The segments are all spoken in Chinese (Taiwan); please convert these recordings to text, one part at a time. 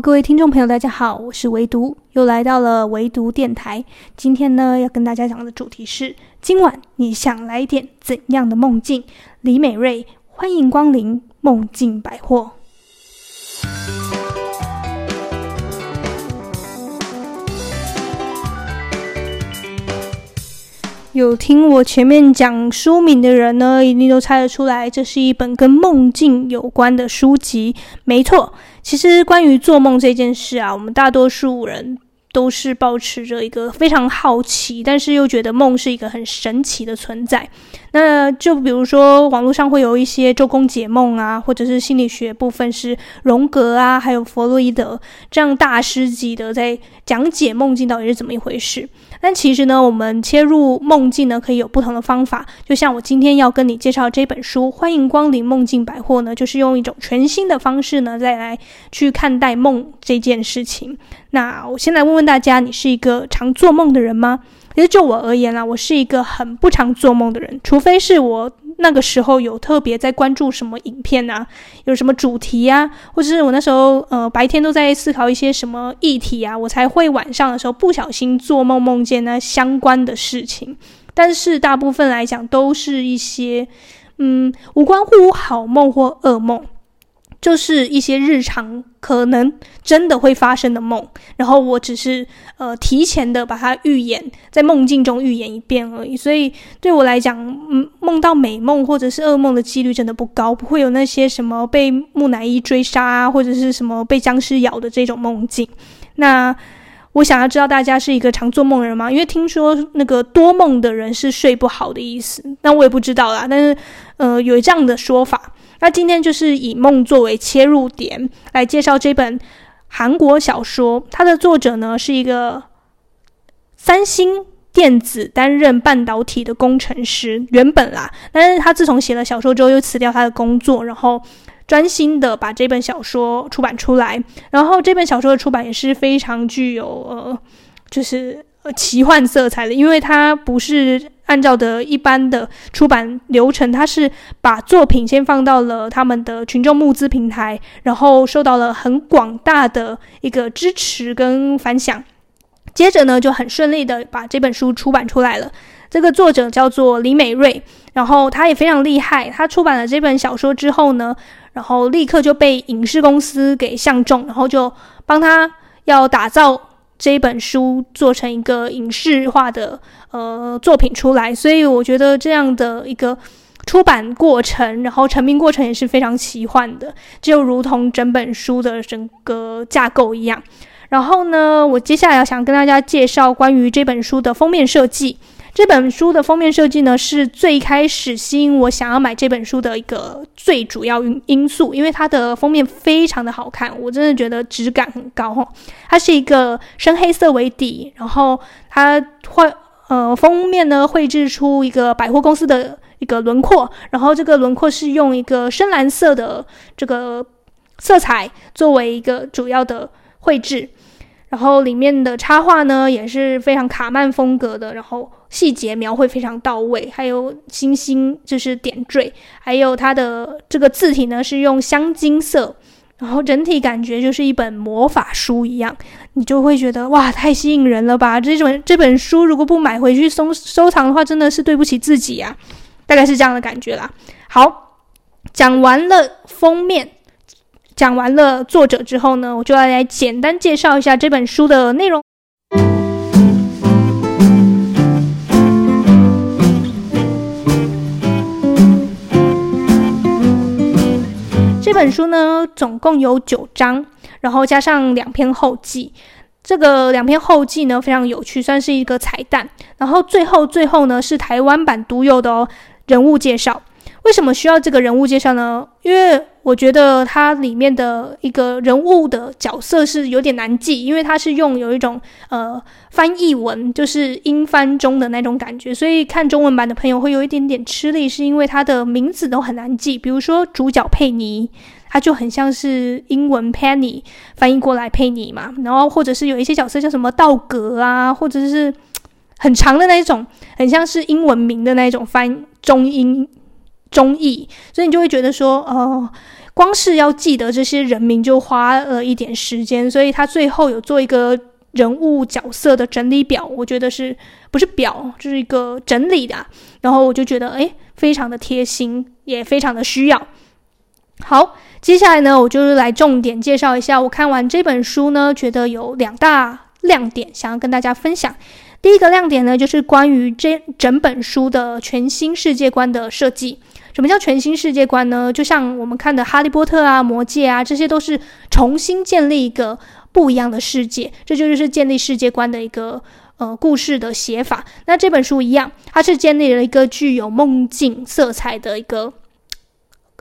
各位聽眾朋友，大家好，我是微讀，又來到了微讀電台。今天呢，要跟大家講的主題是：今晚你想來點怎樣的夢境？李美芮，歡迎光臨夢境百貨。有聽我前面講書名的人呢，一定都猜得出來，這是一本跟夢境有關的書籍。沒錯，其實關於做夢這件事啊，我們大多數人都是抱持著一個非常好奇，但是又覺得夢是一個很神奇的存在。那就比如說，網路上會有一些周公解夢啊，或者是心理學部分是榮格啊，還有佛洛伊德這樣大師級的在講解夢境到底是怎麼一回事。但其實呢，我們切入夢境呢，可以有不同的方法。就像我今天要跟你介紹這本書《歡迎光臨夢境百貨》呢，就是用一種全新的方式呢，再來去看待夢這件事情。那我先來問問大家，你是一個常做夢的人嗎？其實就我而言啦，我是一個很不常做夢的人，除非是我。那個時候有特別在關注什麼影片啊，有什麼主題呀？或者是我那時候呃白天都在思考一些什麼議題啊？我才會晚上的時候不小心做夢夢見那相關的事情。但是大部分來講都是一些嗯無關乎好夢或噩夢。就是一些日常可能真的會發生的夢，然後我只是呃提前的把它預演在夢境中預演一遍而已。所以對我來講，嗯，夢到美夢或者是噩夢的幾率真的不高，不會有那些什麼被木乃伊追殺啊，或者是什麼被僵屍咬的這種夢境。那我想要知道大家是一個常做夢的人嗎？因為聽說那個多夢的人是睡不好的意思，那我也不知道啦。但是呃，有這樣的說法。那今天就是以夢作為切入點來介紹這本韓國小說，它的作者呢是一個三星電子擔任半導體的工程師，原本啦，但是他自從寫了小說之後，又辭掉他的工作，然後專心的把這本小說出版出來。然後這本小說的出版也是非常具有呃，就是呃奇幻色彩的，因為它不是。按照的一般的出版流程，他是把作品先放到了他們的群眾募資平台，然後受到了很廣大的一個支持跟反響。接着呢，就很順利的把這本書出版出來了。這個作者叫做李美芮，然後他也非常厲害。他出版了這本小說之後呢，然後立刻就被影視公司給相中，然後就幫他要打造。這一本書做成一個影視化的呃作品出來，所以我覺得這樣的一個出版過程，然後成名過程也是非常奇幻的，就如同整本書的整個架構一樣。然後呢，我接下來要想跟大家介紹關於這本書的封面設計。這本書的封面設計呢，是最開始吸引我想要買這本書的一個最主要因因素，因為它的封面非常的好看，我真的覺得質感很高哈、哦。它是一個深黑色為底，然後它會呃封面呢繪制出一個百貨公司的一個輪廓，然後這個輪廓是用一個深藍色的這個色彩作為一個主要的繪製。然後裡面的插畫呢也是非常卡漫風格的，然後細節描繪非常到位，還有星星就是點綴，還有它的這個字體呢是用香金色，然後整體感覺就是一本魔法書一樣，你就會覺得哇太吸引人了吧！這種這本書如果不買回去收收藏的話，真的是對不起自己啊，大概是這樣的感覺啦。好，講完了封面。講完了作者之後呢，我就要來簡單介紹一下這本書的內容。這本書呢，總共有九章，然後加上兩篇後記。這個兩篇後記呢，非常有趣，算是一個彩蛋。然後最後最後呢，是台灣版獨有的哦，人物介紹。為什麼需要這個人物介紹呢？因為。我覺得它裡面的一個人物的角色是有點難記，因為它是用有一種呃翻譯文，就是英翻中的那種感覺，所以看中文版的朋友會有一點點吃力，是因為它的名字都很難記。比如說主角佩妮，他就很像是英文 Penny 翻譯過來佩妮嘛，然後或者是有一些角色叫什麼道格啊，或者是很長的那種，很像是英文名的那種翻中英中譯，所以你就會覺得說，呃。光是要記得這些人名就花了一點時間，所以他最後有做一個人物角色的整理表，我覺得是不是表，這、就是一個整理的。然後我就覺得誒、哎，非常的貼心，也非常的需要。好，接下來呢，我就是來重點介紹一下。我看完這本書呢，覺得有兩大亮點想要跟大家分享。第一個亮點呢，就是關於這整本書的全新世界觀的設計。什麼叫全新世界觀呢？就像我們看的《哈利波特》啊，《魔戒》啊，這些都是重新建立一個不一樣的世界，這就是建立世界觀的一個呃故事的寫法。那這本書一樣，它是建立了一個具有夢境色彩的一個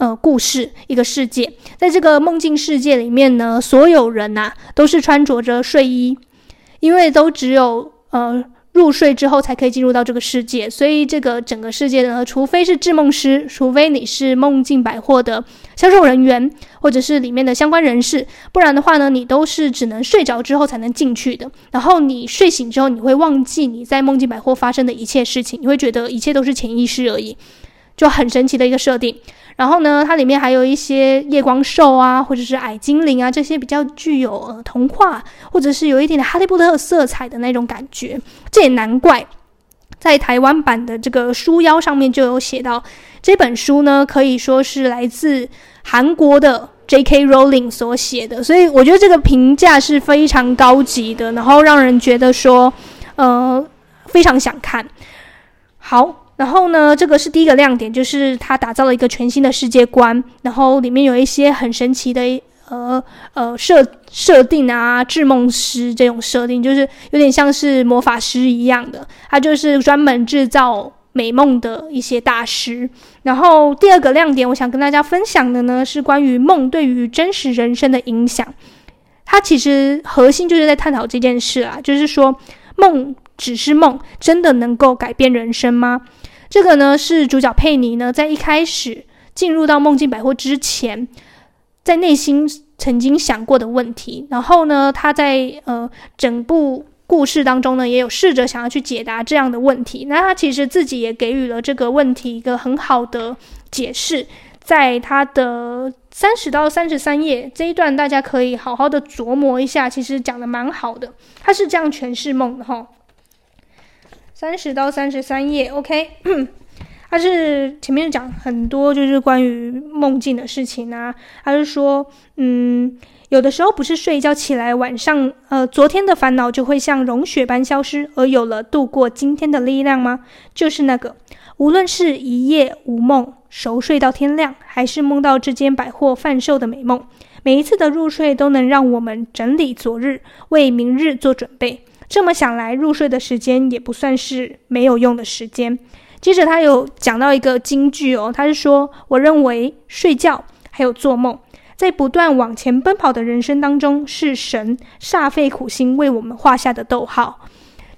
呃故事，一個世界。在這個夢境世界裡面呢，所有人吶，啊，都是穿着着睡衣，因為都只有呃。入睡之後才可以進入到這個世界，所以這個整個世界呢，除非是製夢師，除非你是夢境百貨的銷售人員，或者是裡面的相關人士，不然的話呢，你都是只能睡着之後才能進去的。然後你睡醒之後，你會忘記你在夢境百貨發生的一切事情，你會覺得一切都是潛意識而已。就很神奇的一個設定，然後呢，它裡面還有一些夜光獸啊，或者是矮精靈啊，這些比較具有，呃，童話，或者是有一點的哈利波特色彩的那種感覺。這也難怪，在台灣版的這個書腰上面就有寫到，這本書呢可以說是來自韓國的 J.K. Rowling 所寫的，所以我覺得這個評價是非常高級的，然後讓人覺得說，呃，非常想看。好。然後呢，這個是第一個亮點，就是它打造了一個全新的世界觀，然後裡面有一些很神奇的呃呃設設定啊，製夢師這種設定，就是有點像是魔法師一樣的，它就是專門製造美夢的一些大師。然後第二個亮點，我想跟大家分享的呢，是關於夢對於真實人生的影響。它其實核心就是在探討這件事啊，就是說夢只是夢，真的能夠改變人生嗎？這個呢是主角佩妮呢，在一開始進入到夢境百貨之前，在內心曾經想過的問題。然後呢，她在呃整部故事當中呢，也有試着想要去解答這樣的問題。那她其實自己也給予了這個問題一個很好的解釋，在她的三十到三十三頁這一段，大家可以好好的琢磨一下，其實講得蠻好的。她是這樣詮釋夢的齁。三十到三十三頁，OK， 他，是前面講很多就是關於夢境的事情啊。他是說，嗯，有的時候不是睡覺起來晚上，呃，昨天的煩惱就會像融雪般消失，而有了度過今天的力量嗎？就是那個，無論是一夜無夢，熟睡到天亮，還是夢到這間百貨販售的美夢，每一次的入睡都能讓我們整理昨日，為明日做準備。這麼想來，入睡的時間也不算是沒有用的時間。接着他有講到一個金句哦，他是說：我認為睡覺還有做夢，在不斷往前奔跑的人生當中，是神煞費苦心為我們畫下的逗號。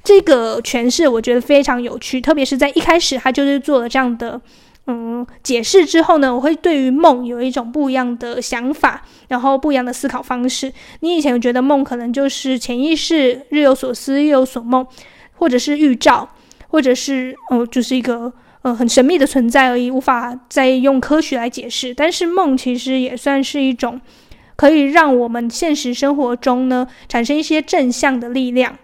這個詮釋我覺得非常有趣，特別是在一開始他就是做了這樣的。嗯，解釋之後呢，我會對於夢有一種不一樣的想法，然後不一樣的思考方式。你以前覺得夢可能就是潛意識，日有所思，夜有所夢，或者是預兆，或者是呃，就是一個呃很神祕的存在而已，無法再用科學來解釋。但是夢其實也算是一種可以讓我們現實生活中呢產生一些正向的力量。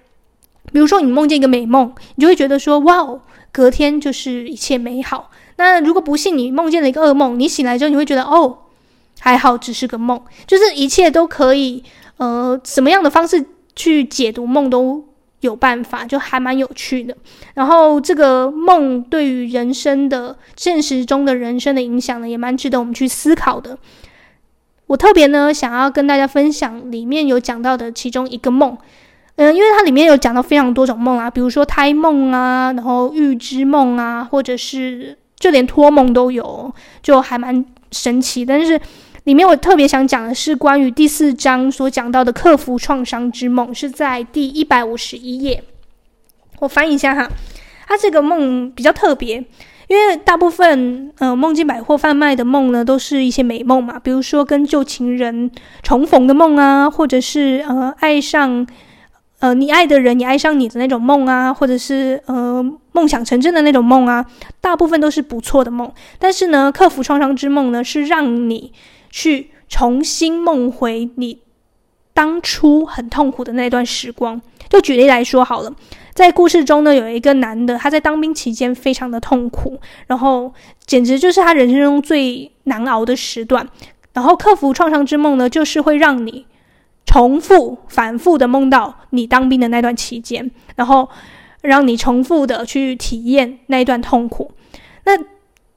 比如說你夢見一個美夢，你就會覺得說哇哦，隔天就是一切美好。那如果不幸你夢見了一個噩夢，你醒來之後你會覺得哦，還好只是個夢，就是一切都可以。呃，什麼樣的方式去解讀夢都有辦法，就還蠻有趣的。然後這個夢對於人生的現實中的人生的影響呢，也蠻值得我們去思考的。我特別呢想要跟大家分享裡面有講到的其中一個夢，嗯，因為它裡面有講到非常多種夢啊，比如說胎夢啊，然後預知夢啊，或者是。就連托夢都有，就還蠻神奇。但是，裡面我特別想講的是關於第四章所講到的克服創傷之夢，是在第一百五十一頁。我翻譯一下哈，它、啊、這個夢比較特別，因為大部分呃夢境百貨販賣的夢呢，都是一些美夢嘛，比如說跟舊情人重逢的夢啊，或者是呃愛上呃你愛的人，你愛上你的那種夢啊，或者是呃。夢想成真的那種夢啊，大部分都是不錯的夢。但是呢，克服創傷之夢呢，是讓你去重新夢回你當初很痛苦的那段時光。就舉例來說好了，在故事中呢，有一個男的，他在當兵期間非常的痛苦，然後簡直就是他人生中最難熬的時段。然後克服創傷之夢呢，就是會讓你重複、反覆的夢到你當兵的那段期間，然後。讓你重複的去體驗那一段痛苦，那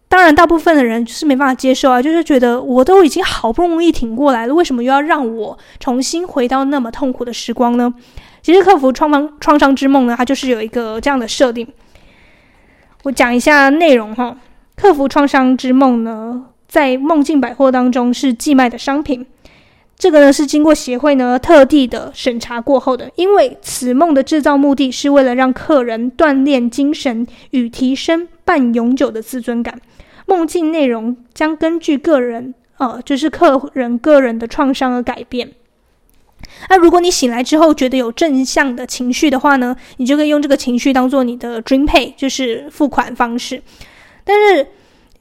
當然大部分的人就是沒辦法接受啊，就是覺得我都已經好不容易挺過來了，為什麼又要讓我重新回到那麼痛苦的時光呢？其實，克服創傷創傷之夢呢，它就是有一個這樣的設定。我講一下內容哈，克服創傷之夢呢，在夢境百貨當中是寄賣的商品。這個呢是經過協會呢特地的審查過後的，因為此夢的製造目的是為了讓客人鍛鍊精神與提升半永久的自尊感，夢境內容將根據個人，呃，就是客人個人的創傷而改變。那、啊、如果你醒來之後覺得有正向的情緒的話呢，你就可以用這個情緒當做你的 Dream Pay，就是付款方式。但是，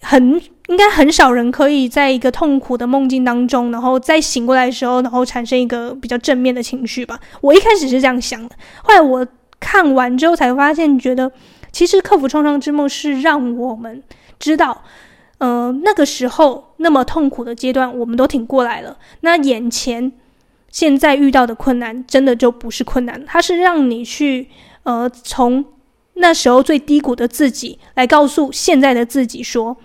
很。應該很少人可以在一個痛苦的夢境當中，然後再醒過來的時候，然後產生一個比較正面的情緒吧。我一開始是這樣想的，後來我看完之後才發現，覺得其實克服創傷之夢是讓我們知道，呃，那個時候那麼痛苦的階段我們都挺過來了。那眼前現在遇到的困難，真的就不是困難，它是讓你去呃，從那時候最低谷的自己來告訴現在的自己說。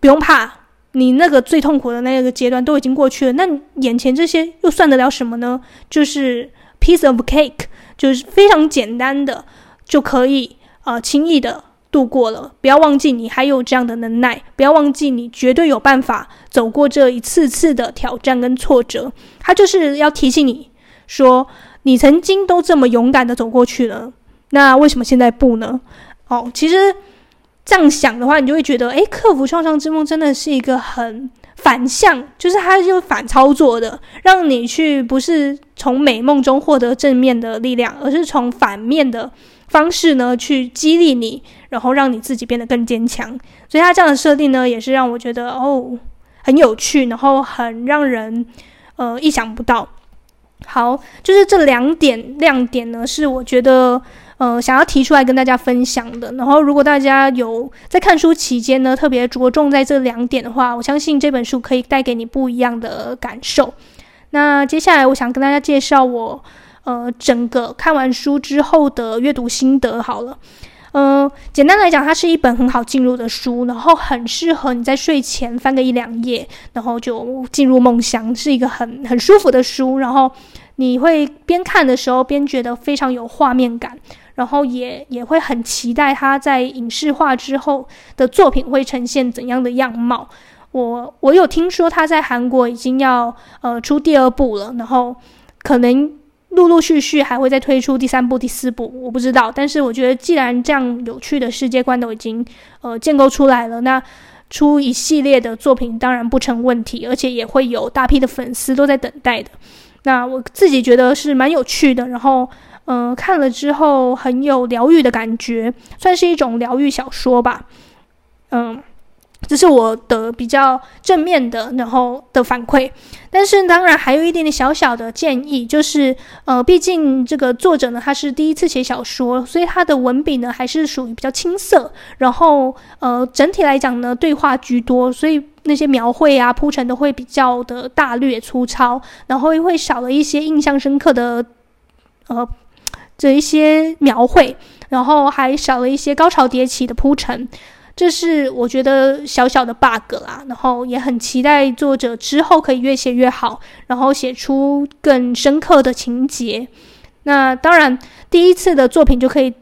不用怕，你那個最痛苦的那個階段都已經過去了，那眼前這些又算得了什麼呢？就是 piece of cake，就是非常簡單的就可以啊、呃，輕易的度過了。不要忘記你還有這樣的能耐，不要忘記你絕對有辦法走過這一次次的挑戰跟挫折。他就是要提醒你說，你曾經都這麼勇敢的走過去了，那為什麼現在不呢？哦，其實。這樣想的話，你就會覺得，哎，克服創傷之夢真的是一個很反向，就是它就反操作的，讓你去不是從美夢中獲得正面的力量，而是從反面的方式呢去激勵你，然後讓你自己變得更堅強。所以它這樣的設定呢，也是讓我覺得哦，很有趣，然後很讓人呃意想不到。好，就是這兩點亮點呢，是我覺得。呃，想要提出來跟大家分享的。然後，如果大家有在看書期間呢，特別着重在這兩點的話，我相信這本書可以帶給你不一樣的感受。那接下來，我想跟大家介紹我呃整個看完書之後的閱讀心得。好了，嗯、呃，簡單來講，它是一本很好進入的書，然後很適合你在睡前翻個一兩頁，然後就進入夢鄉，是一個很很舒服的書。然後你會邊看的時候，邊覺得非常有畫面感。然後也也會很期待他在影視化之後的作品會呈現怎樣的樣貌。我我有聽說他在韓國已經要呃出第二部了，然後可能陸陸續續還會再推出第三部、第四部，我不知道，但是我覺得既然這樣有趣的世界觀都已經呃建構出來了，那出一系列的作品當然不成問題，而且也會有大批的粉絲都在等待的。那我自己覺得是蠻有趣的，然後。嗯、呃，看了之後很有療癒的感覺，算是一種療癒小說吧。嗯，這是我的比較正面的，然後的反饋。但是當然還有一點點小小的建議，就是呃，畢竟這個作者呢，他是第一次寫小說，所以他的文筆呢還是屬於比較青澀。然後呃，整體來講呢，對話居多，所以那些描繪啊、鋪陳都會比較的大略粗糙，然後也會少了一些印象深刻的呃。的一些描繪，然後還少了一些高潮迭起的鋪陳，這是我覺得小小的 bug 啦、啊。然後也很期待作者之後可以越寫越好，然後寫出更深刻的情節。那當然，第一次的作品就可以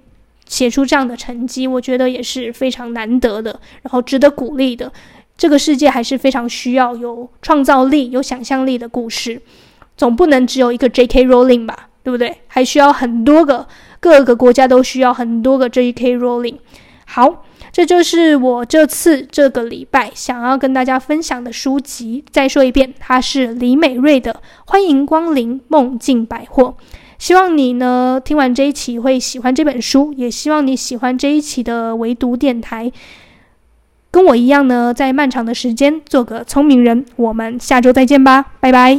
寫出這樣的成績，我覺得也是非常難得的，然後值得鼓勵的。這個世界還是非常需要有創造力、有想象力的故事，總不能只有一個 J.K. Rowling 吧。對不對？還需要很多個，各個國家都需要很多個 JK Rowling。好，這就是我這次這個禮拜想要跟大家分享的書籍。再說一遍，它是李美芮的《歡迎光臨夢境百貨》。希望你呢聽完這一期會喜歡這本書，也希望你喜歡這一期的微讀電台。跟我一樣呢，在漫長的時間做個聰明人。我們下周再見吧，拜拜。